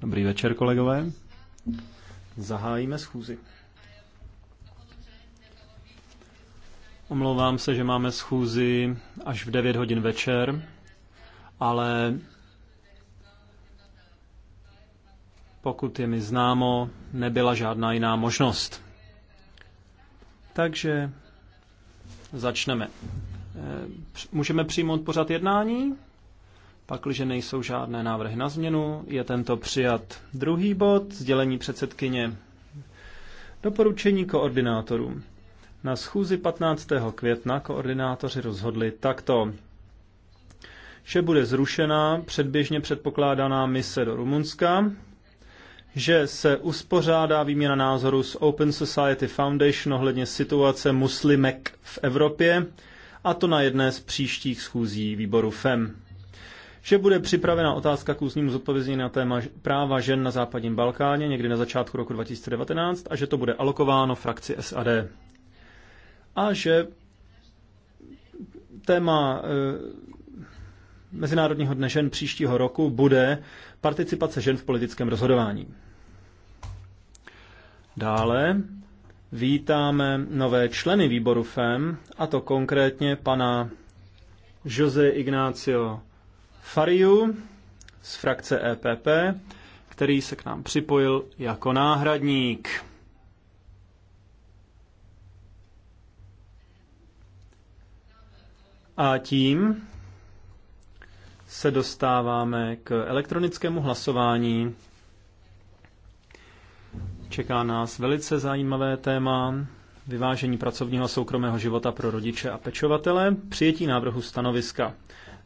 Dobrý večer, kolegové. Zahájíme schůzi. Omlouvám se, že máme schůzi až v 9 hodin večer, ale pokud je mi známo, nebyla žádná jiná možnost. Takže začneme. Eh, můžeme přijmout pořad jednání? Pakliže nejsou žádné návrhy na změnu, je tento přijat druhý bod, sdělení předsedkyně. Doporučení koordinátorům. Na schůzi 15. května koordinátoři rozhodli takto, že bude zrušena předběžně předpokládaná mise do Rumunska, že se uspořádá výměna názoru s Open Society Foundation ohledně situace muslimek v Evropě a to na jedné z příštích schůzí výboru FEM. Že bude připravena otázka k ústnímu zodpovězení na téma práva žen na západním Balkáně někdy na začátku roku 2019 a že to bude alokováno frakci SAD. A že téma eh, Mezinárodního dne žen příštího roku bude participace žen v politickém rozhodování. Dále vítáme nové členy výboru FEM, a to konkrétně pana Jose Ignacio Fariu z frakce EPP, který se k nám připojil jako náhradník. A tím se dostáváme k elektronickému hlasování Čeká nás velice zajímavé téma vyvážení pracovního a soukromého života pro rodiče a pečovatele, přijetí návrhu stanoviska.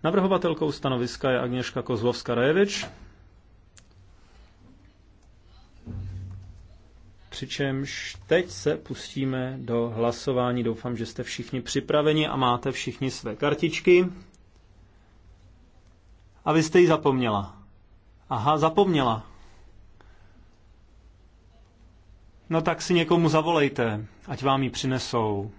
Navrhovatelkou stanoviska je Agněška kozlovska rajevič přičemž teď se pustíme do hlasování. Doufám, že jste všichni připraveni a máte všichni své kartičky. A vy jste ji zapomněla. Aha, zapomněla. No tak si někomu zavolejte, ať vám ji přinesou.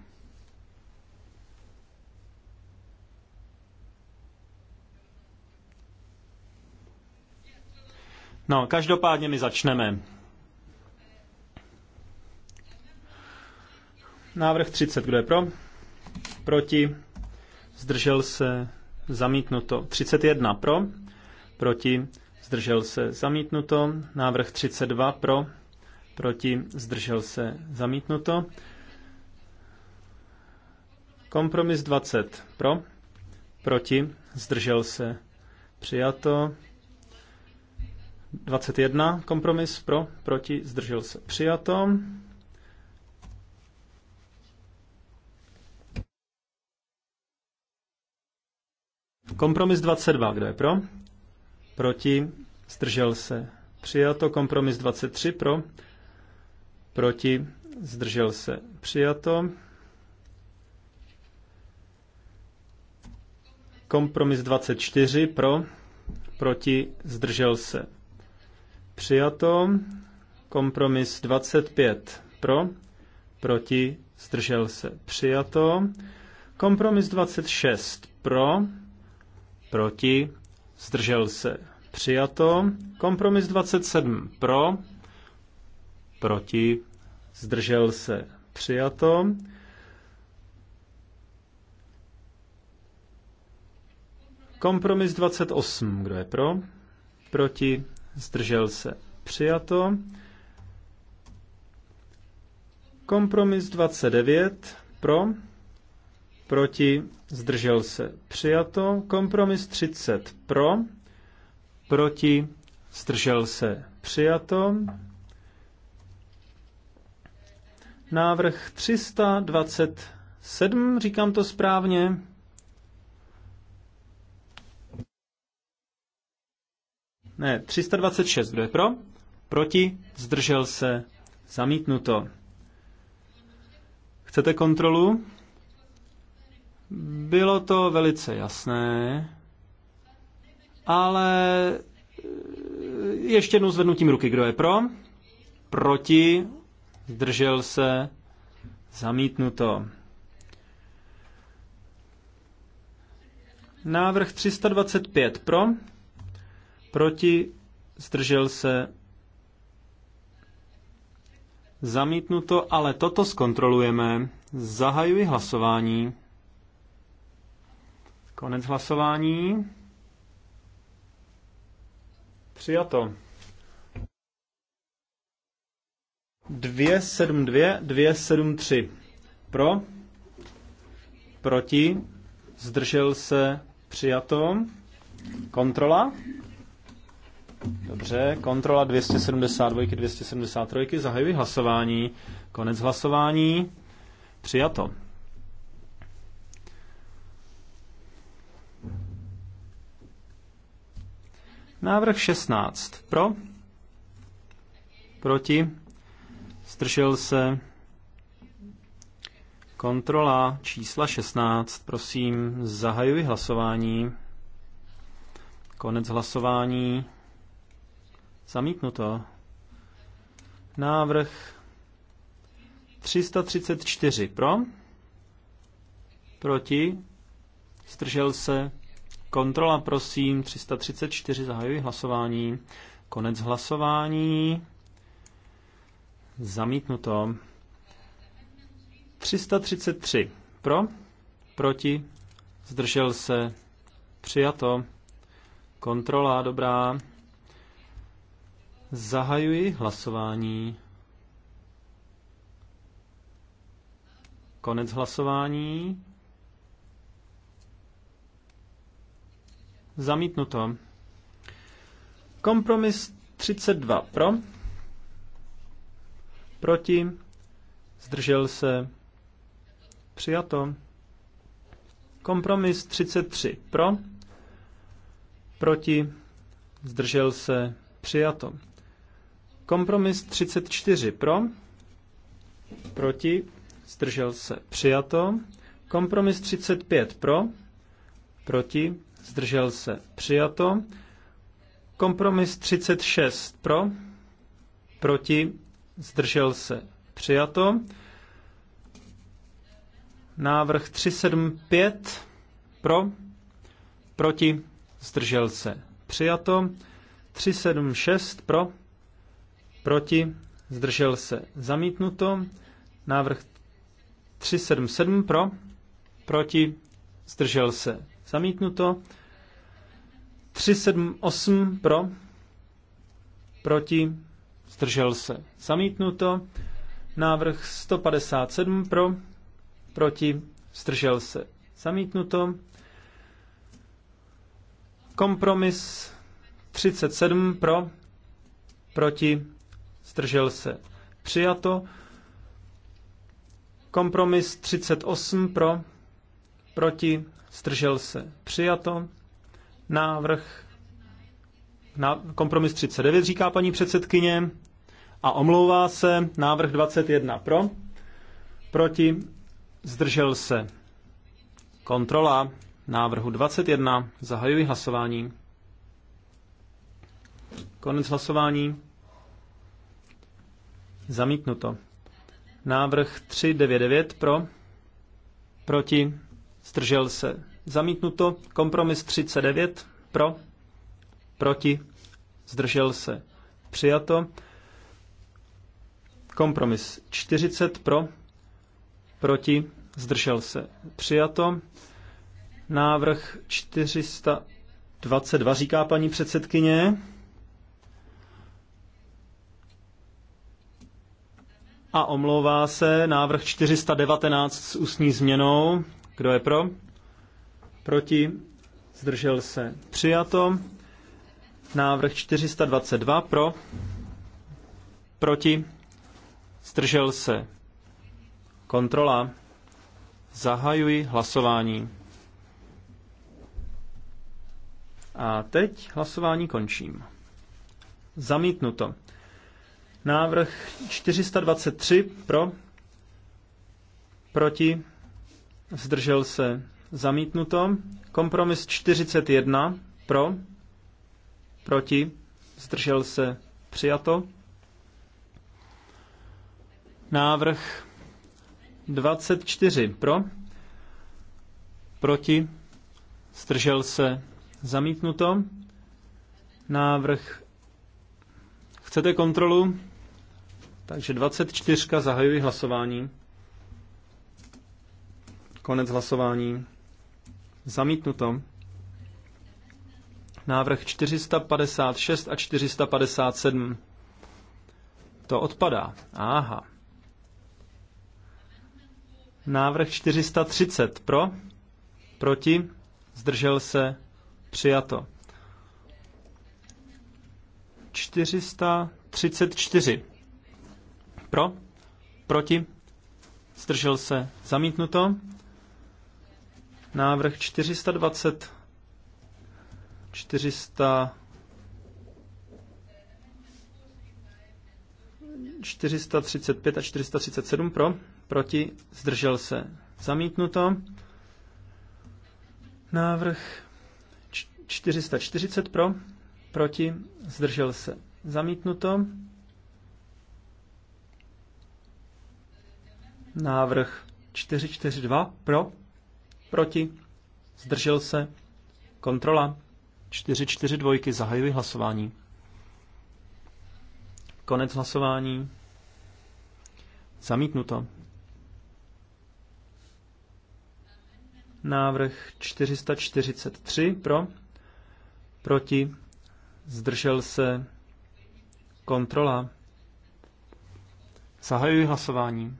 No, každopádně my začneme. Návrh 30, kdo je pro? Proti? Zdržel se? Zamítnuto. 31 pro? Proti? Zdržel se? Zamítnuto. Návrh 32 pro? proti, zdržel se, zamítnuto. Kompromis 20 pro, proti, zdržel se, přijato. 21 kompromis pro, proti, zdržel se, přijato. Kompromis 22, kdo je pro? Proti, zdržel se, přijato. Kompromis 23 pro, proti, zdržel se přijato. Kompromis 24 pro, proti, zdržel se přijato. Kompromis 25 pro, proti, zdržel se přijato. Kompromis 26 pro, proti, zdržel se přijato. Kompromis 27 pro, proti, zdržel se přijato. Kompromis 28, kdo je pro, proti, zdržel se přijato. Kompromis 29, pro, proti, zdržel se přijato. Kompromis 30, pro, proti, zdržel se přijato. Návrh 327, říkám to správně. Ne, 326, kdo je pro? Proti, zdržel se, zamítnuto. Chcete kontrolu? Bylo to velice jasné, ale eh, ještě jednou zvednutím ruky, kdo je pro? Proti, zdržel se, zamítnuto. Návrh 325 pro, proti, zdržel se, zamítnuto, ale toto zkontrolujeme. Zahajuji hlasování. Konec hlasování. Přijato. 272, 273. Pro? Proti? Zdržel se? Přijato. Kontrola? Dobře, kontrola 272, 273, zahajuji hlasování, konec hlasování, přijato. Návrh 16. Pro? Proti? zdržel se. Kontrola čísla 16, prosím, zahajuji hlasování. Konec hlasování. Zamítnuto. Návrh 334 pro, proti, zdržel se, kontrola prosím, 334, zahajuji hlasování, konec hlasování, Zamítnuto. 333. Pro? Proti? Zdržel se? Přijato. Kontrola, dobrá. Zahajuji hlasování. Konec hlasování. Zamítnuto. Kompromis 32 pro Proti? Zdržel se? Přijato. Kompromis 33. Pro? Proti? Zdržel se? Přijato. Kompromis 34. Pro? Proti? Zdržel se? Přijato. Kompromis 35. Pro? Proti? Zdržel se? Přijato. Kompromis 36. Pro? Proti? zdržel se, přijato. Návrh 375 pro, proti, zdržel se, přijato. 376 pro, proti, zdržel se, zamítnuto. Návrh 377 pro, proti, zdržel se, zamítnuto. 378 pro, proti, zdržel se. Zamítnuto. Návrh 157 pro, proti, zdržel se. Zamítnuto. Kompromis 37 pro, proti, zdržel se. Přijato. Kompromis 38 pro, proti, zdržel se. Přijato. Návrh na kompromis 39, říká paní předsedkyně, a omlouvá se návrh 21 pro, proti, zdržel se. Kontrola návrhu 21, zahajuji hlasování. Konec hlasování. Zamítnuto. Návrh 399 pro, proti, zdržel se. Zamítnuto. Kompromis 39 pro, proti, zdržel se, přijato. Kompromis 40 pro, proti, zdržel se, přijato. Návrh 422 říká paní předsedkyně. A omlouvá se návrh 419 s ústní změnou. Kdo je pro? Proti? Zdržel se? Přijato. Návrh 422 pro, proti, zdržel se. Kontrola. Zahajuji hlasování. A teď hlasování končím. Zamítnuto. Návrh 423 pro, proti, zdržel se. Zamítnuto. Kompromis 41 pro, Proti? Zdržel se? Přijato. Návrh 24. Pro? Proti? Zdržel se? Zamítnuto. Návrh. Chcete kontrolu? Takže 24. Zahajuji hlasování. Konec hlasování. Zamítnuto. Návrh 456 a 457. To odpadá. Aha. Návrh 430 pro, proti, zdržel se, přijato. 434 pro, proti, zdržel se, zamítnuto. Návrh 420 400 435 a 437 pro, proti, zdržel se. Zamítnuto. Návrh 440 pro, proti, zdržel se. Zamítnuto. Návrh 442 pro, proti, zdržel se. Kontrola dvojky Zahajuji hlasování. Konec hlasování. Zamítnuto. Návrh 443 pro, proti, zdržel se, kontrola. Zahajuji hlasování.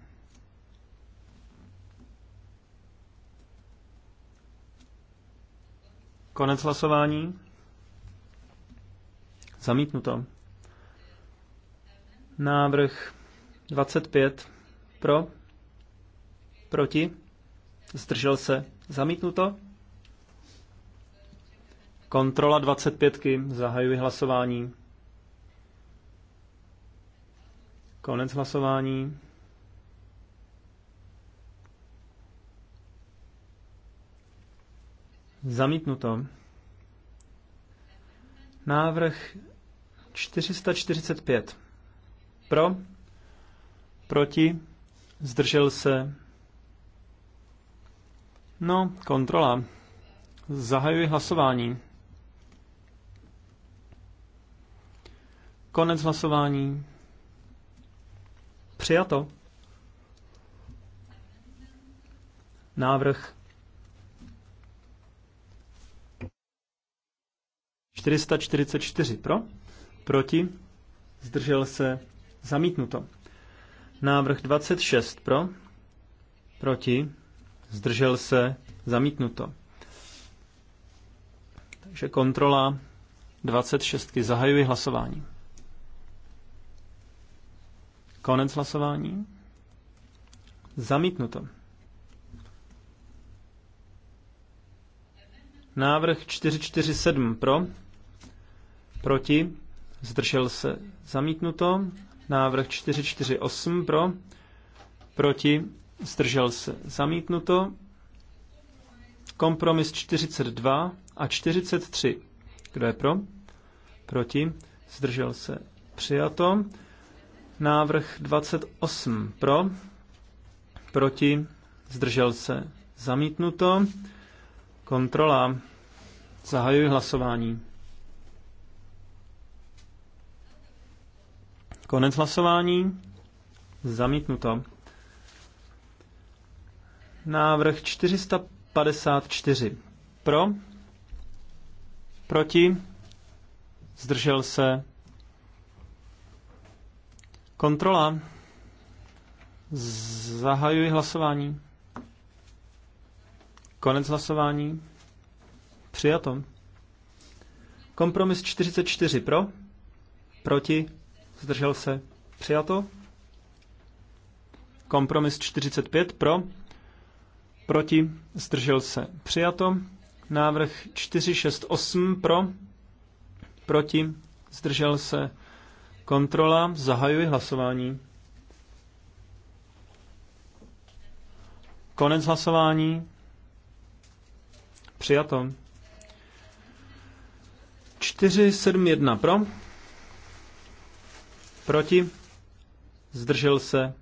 Konec hlasování. Zamítnuto. Návrh 25 pro, proti, zdržel se, zamítnuto. Kontrola 25. Zahajuji hlasování. Konec hlasování. Zamítnuto. Návrh 445. Pro, proti, zdržel se. No, kontrola. Zahajuji hlasování. Konec hlasování. Přijato. Návrh 444 pro. Proti? Zdržel se? Zamítnuto. Návrh 26 pro? Proti? Zdržel se? Zamítnuto. Takže kontrola 26. Zahajuji hlasování. Konec hlasování. Zamítnuto. Návrh 447 pro, proti, zdržel se zamítnuto, návrh 448 pro, proti, zdržel se zamítnuto, kompromis 42 a 43. Kdo je pro? Proti, zdržel se přijato, návrh 28 pro, proti, zdržel se zamítnuto, kontrola, zahajuji hlasování. Konec hlasování. Zamítnuto. Návrh 454. Pro. Proti. Zdržel se. Kontrola. Zahajuji hlasování. Konec hlasování. Přijato. Kompromis 44 pro, proti, zdržel se, přijato. Kompromis 45 pro, proti, zdržel se, přijato. Návrh 468 pro, proti, zdržel se, kontrola, zahajuji hlasování. Konec hlasování. Přijato. 471 pro Proti? Zdržel se?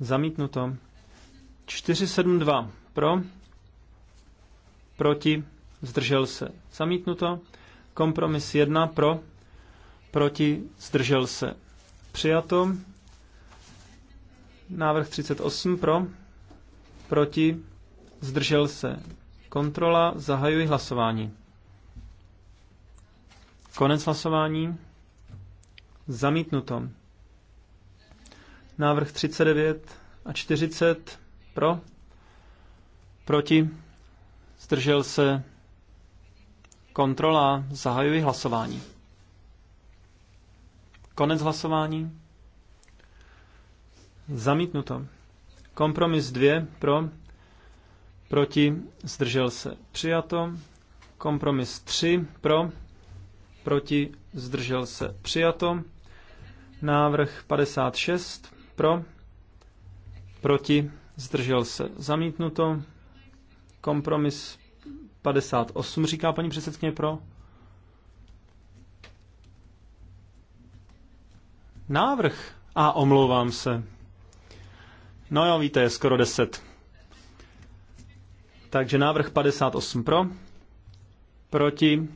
Zamítnuto. 472 pro? Proti? Zdržel se? Zamítnuto. Kompromis 1 pro? Proti? Zdržel se? Přijato. Návrh 38 pro? Proti? Zdržel se? Kontrola. Zahajuji hlasování. Konec hlasování. Zamítnuto. Návrh 39 a 40 pro. Proti. Zdržel se. Kontrola. Zahajuji hlasování. Konec hlasování. Zamítnuto. Kompromis 2 pro. Proti. Zdržel se. Přijato. Kompromis 3 pro proti, zdržel se, přijato. Návrh 56, pro, proti, zdržel se, zamítnuto. Kompromis 58, říká paní předsedkyně pro. Návrh. A omlouvám se. No jo, víte, je skoro 10. Takže návrh 58 pro, proti,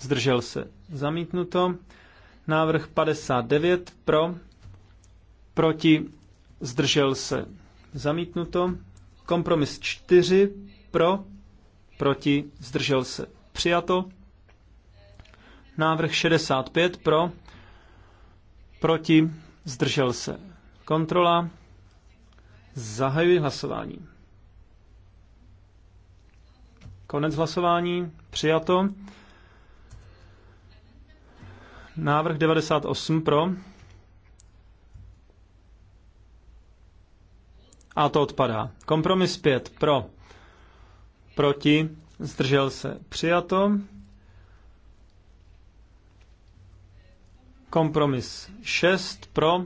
zdržel se, Zamítnuto. Návrh 59 pro. Proti. Zdržel se. Zamítnuto. Kompromis 4 pro. Proti. Zdržel se. Přijato. Návrh 65 pro. Proti. Zdržel se. Kontrola. Zahajuji hlasování. Konec hlasování. Přijato. Návrh 98 pro. A to odpadá. Kompromis 5 pro. Proti. Zdržel se. Přijato. Kompromis 6 pro.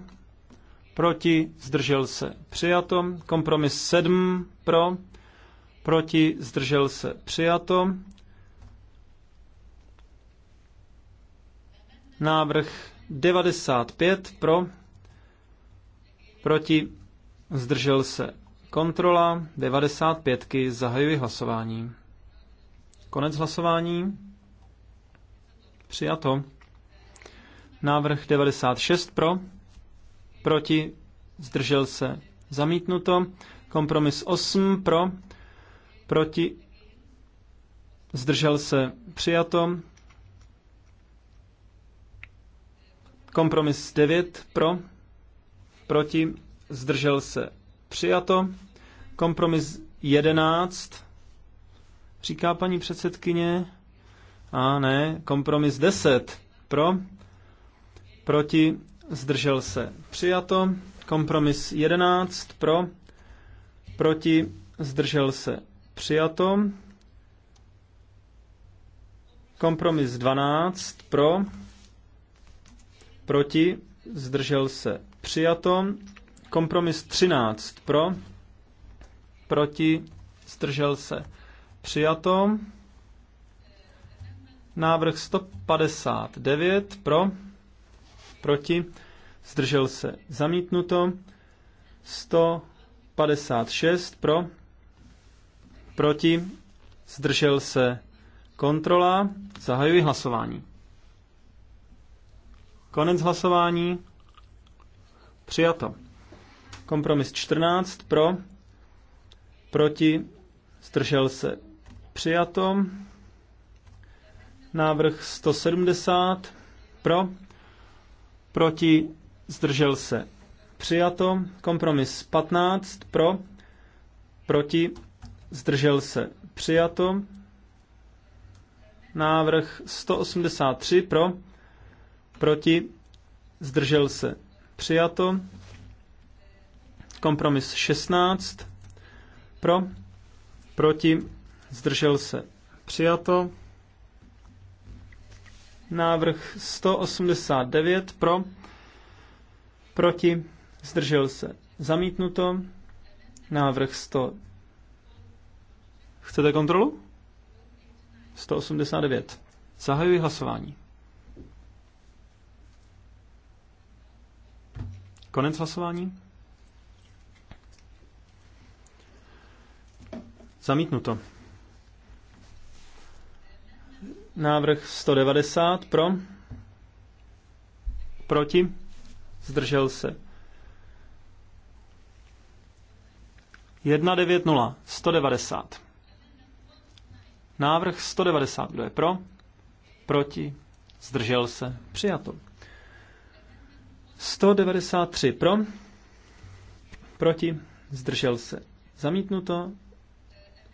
Proti. Zdržel se. Přijato. Kompromis 7 pro. Proti. Zdržel se. Přijato. Návrh 95 pro, proti, zdržel se. Kontrola 95. Zahajuji hlasování. Konec hlasování. Přijato. Návrh 96 pro, proti, zdržel se. Zamítnuto. Kompromis 8 pro, proti, zdržel se. Přijato. Kompromis 9 pro, proti, zdržel se přijato. Kompromis 11, říká paní předsedkyně. A ne, kompromis 10 pro, proti, zdržel se přijato. Kompromis 11 pro, proti, zdržel se přijato. Kompromis 12 pro, proti, zdržel se přijato. Kompromis 13 pro, proti, zdržel se přijato. Návrh 159 pro, proti, zdržel se zamítnuto. 156 pro, proti, zdržel se kontrola. Zahajuji hlasování. Konec hlasování. Přijato. Kompromis 14 pro, proti, zdržel se. Přijato. Návrh 170 pro, proti, zdržel se. Přijato. Kompromis 15 pro, proti, zdržel se. Přijato. Návrh 183 pro, proti, zdržel se, přijato. Kompromis 16, pro, proti, zdržel se, přijato. Návrh 189 pro, proti, zdržel se, zamítnuto. Návrh 100. Chcete kontrolu? 189. Zahajuji hlasování. Konec hlasování. Zamítnuto. Návrh 190 pro. Proti. Zdržel se. 190. 190. Návrh 190. Kdo je pro? Proti. Zdržel se. Přijato. 193 pro, proti, zdržel se. Zamítnuto.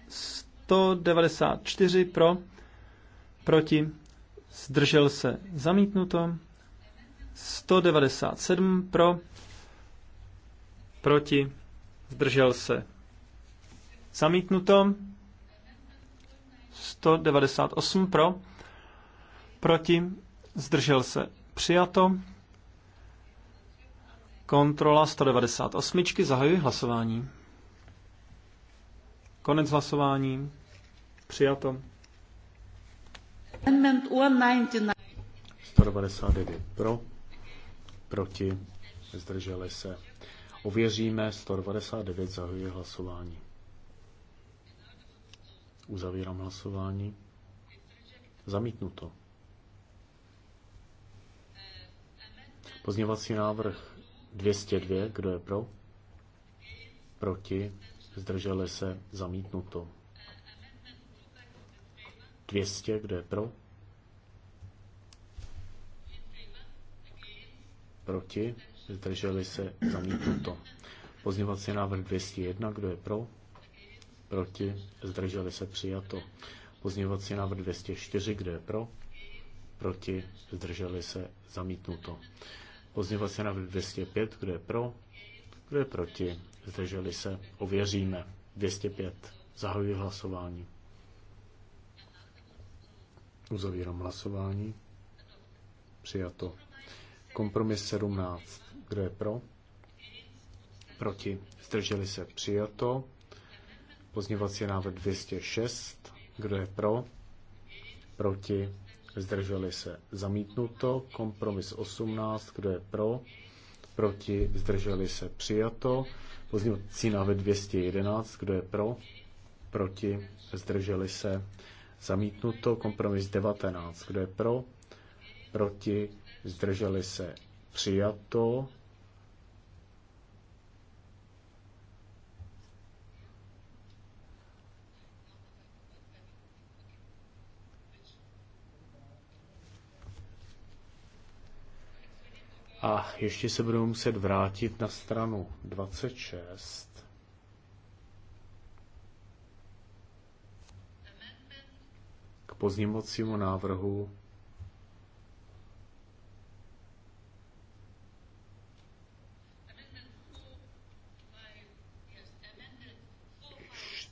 194 pro, proti, zdržel se. Zamítnuto. 197 pro, proti, zdržel se. Zamítnuto. 198 pro, proti, zdržel se. Přijato. Kontrola 198. Zahajuji hlasování. Konec hlasování. Přijato. 199 pro, proti, zdrželi se. Ověříme 199, zahajuji hlasování. Uzavírám hlasování. Zamítnuto. Pozněvací návrh 202, kdo je pro? Proti? Zdrželi se? Zamítnuto. 200, kdo je pro? Proti? Zdrželi se? Zamítnuto. Pozněvací návrh 201, kdo je pro? Proti? Zdrželi se? Přijato. Pozněvací návrh 204, kdo je pro? Proti? Zdrželi se? Zamítnuto. Pozněvací návrh 205, kdo je pro, kdo je proti, zdrželi se, ověříme. 205, zahajuji hlasování. Uzavírám hlasování. Přijato. Kompromis 17. Kdo je pro? Proti. Zdrželi se. Přijato. Pozněvací návrh 206. Kdo je pro? Proti zdrželi se zamítnuto, kompromis 18, kdo je pro, proti, zdrželi se přijato, pozdějovací návrh 211, kdo je pro, proti, zdrželi se zamítnuto, kompromis 19, kdo je pro, proti, zdrželi se přijato, A ještě se budeme muset vrátit na stranu 26. K pozněmocímu návrhu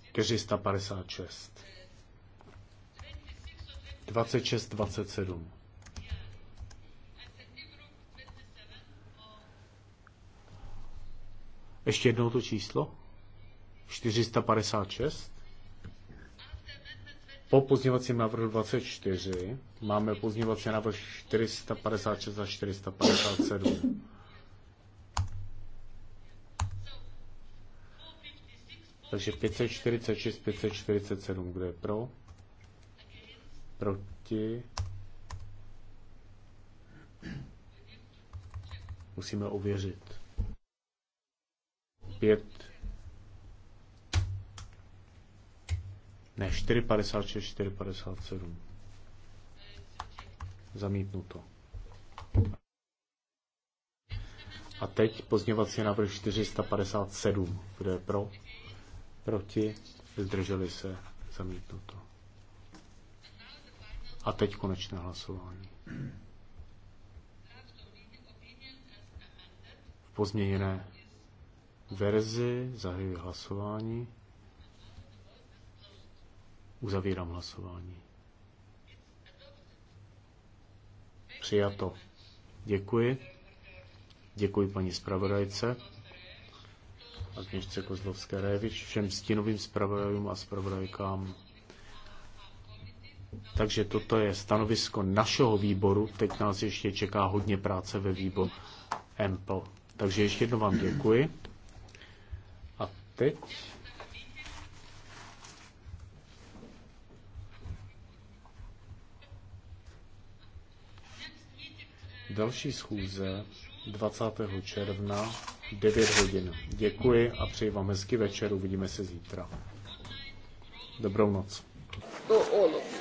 Čtyřista padesát šest. Dvacet šest, dvacet sedm. Ještě jednou to číslo. 456. Po pozněvacím návrhu 24 máme pozněvací návrh 456 a 457. Takže 546, 547, kdo je pro? Proti? Musíme ověřit. 5, ne 4,56, 4,57. Zamítnuto. A teď pozněvací návrh 457. Kdo je pro? Proti? Zdrželi se? Zamítnuto. A teď konečné hlasování. V pozměněné verzi, zahajuji hlasování, uzavírám hlasování. Přijato. Děkuji. Děkuji paní zpravodajce a knižce Kozlovské Révič, všem stínovým zpravodajům a zpravodajkám. Takže toto je stanovisko našeho výboru. Teď nás ještě čeká hodně práce ve výboru MPL. Takže ještě jednou vám děkuji teď. Další schůze 20. června 9 hodin. Děkuji a přeji vám hezký večer. Uvidíme se zítra. Dobrou noc. To ono.